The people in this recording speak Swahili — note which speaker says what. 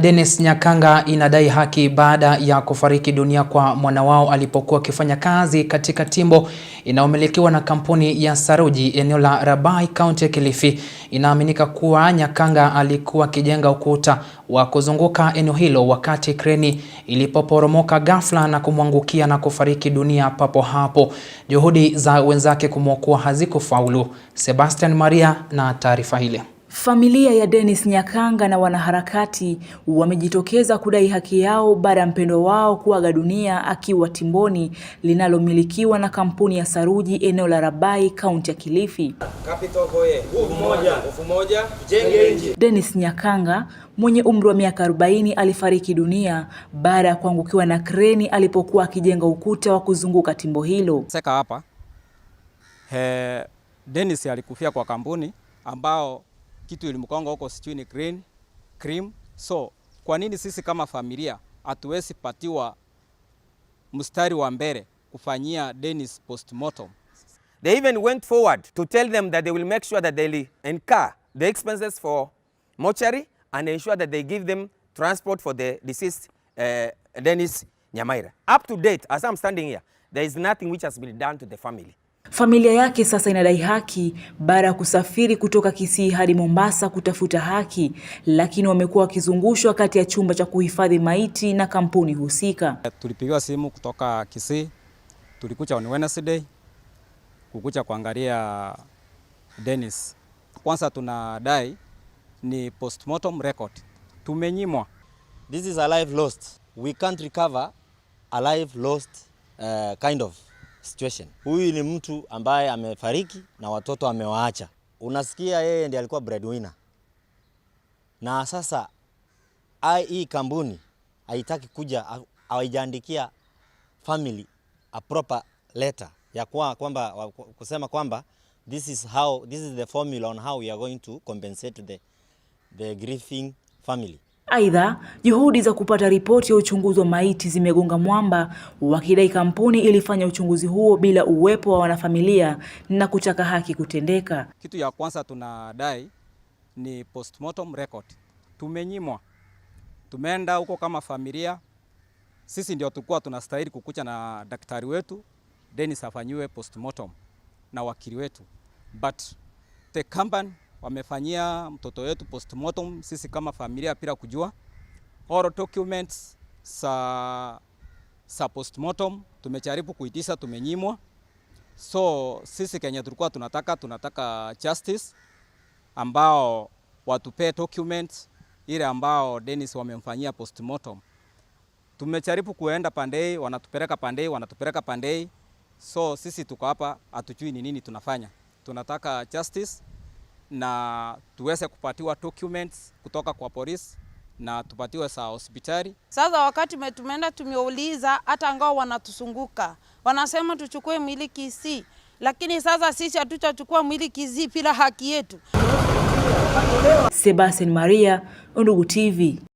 Speaker 1: Dennis Nyakanga inadai haki baada ya kufariki dunia kwa mwana wao alipokuwa akifanya kazi katika timbo inayomilikiwa na kampuni ya saruji eneo la Rabai kaunti ya Kilifi. Inaaminika kuwa Nyakanga alikuwa akijenga ukuta wa kuzunguka eneo hilo wakati kreni ilipoporomoka ghafla na kumwangukia na kufariki dunia papo hapo. Juhudi za wenzake kumwokoa hazikufaulu. Sebastian Maria na taarifa ile.
Speaker 2: Familia ya Dennis Nyakanga na wanaharakati wamejitokeza kudai haki yao baada ya mpendwa wao kuaga dunia akiwa timboni linalomilikiwa na kampuni ya saruji eneo la Rabai kaunti ya Kilifi. Dennis Nyakanga mwenye umri wa miaka 40 alifariki dunia baada ya kuangukiwa na kreni alipokuwa akijenga ukuta wa kuzunguka timbo hilo.
Speaker 3: Seka hapa. He, Dennis alikufia kwa kampuni ambao kitu ilimkonga huko sijui ni green cream. So kwa nini sisi kama familia hatuwezi patiwa mstari wa mbele kufanyia Dennis postmortem?
Speaker 4: They even went forward to tell them that they will make sure that they incur the expenses for mortuary and ensure that they give them transport for the deceased uh, Dennis Nyamaira. Up to date, as I'm standing here, there is nothing which has been done to the family.
Speaker 2: Familia yake sasa inadai haki baada ya kusafiri kutoka Kisii hadi Mombasa kutafuta haki, lakini wamekuwa wakizungushwa kati ya chumba cha kuhifadhi maiti na kampuni husika.
Speaker 3: Tulipigiwa simu kutoka Kisii, tulikuja on Wednesday kukuja kuangalia Dennis. Kwanza tunadai ni postmortem record, tumenyimwa.
Speaker 5: This is a life lost. We can't recover a life lost, uh, kind of situation. Huyu ni mtu ambaye amefariki na watoto amewaacha. Unasikia yeye ndiye alikuwa breadwinner. Na sasa hii kampuni haitaki kuja, hawaijaandikia family a proper letter ya kwa, kwamba kusema kwamba this is how this is the formula on how we are going to compensate the the grieving family.
Speaker 2: Aidha, juhudi za kupata ripoti ya uchunguzi wa maiti zimegonga mwamba, wakidai kampuni ilifanya uchunguzi huo bila uwepo wa wanafamilia na kutaka haki kutendeka.
Speaker 3: Kitu ya kwanza tunadai ni postmortem record. Tumenyimwa, tumeenda huko kama familia, sisi ndio tulikuwa tunastahili kukucha na daktari wetu Dennis afanyiwe postmortem na wakili wetu, but the company wamefanyia mtoto wetu postmortem, sisi kama familia bila kujua. All documents sa, sa postmortem tumejaribu kuitisha, tumenyimwa. So sisi Kenya tulikuwa tunataka tunataka justice ambao watupee documents ile ambao Dennis wamemfanyia postmortem. Tumejaribu kuenda Pandei, wanatupeleka Pandei, wanatupeleka Pandei. So sisi tuko hapa hatujui ni nini tunafanya. Tunataka justice na tuweze kupatiwa documents kutoka kwa polisi na tupatiwe saa hospitali.
Speaker 6: Sasa wakati tumeenda tumeuliza, hata ngao wanatusunguka wanasema tuchukue mwili kisi, lakini sasa sisi hatutachukua mwili Kisii bila haki yetu.
Speaker 1: Sebastian Maria, Undugu TV.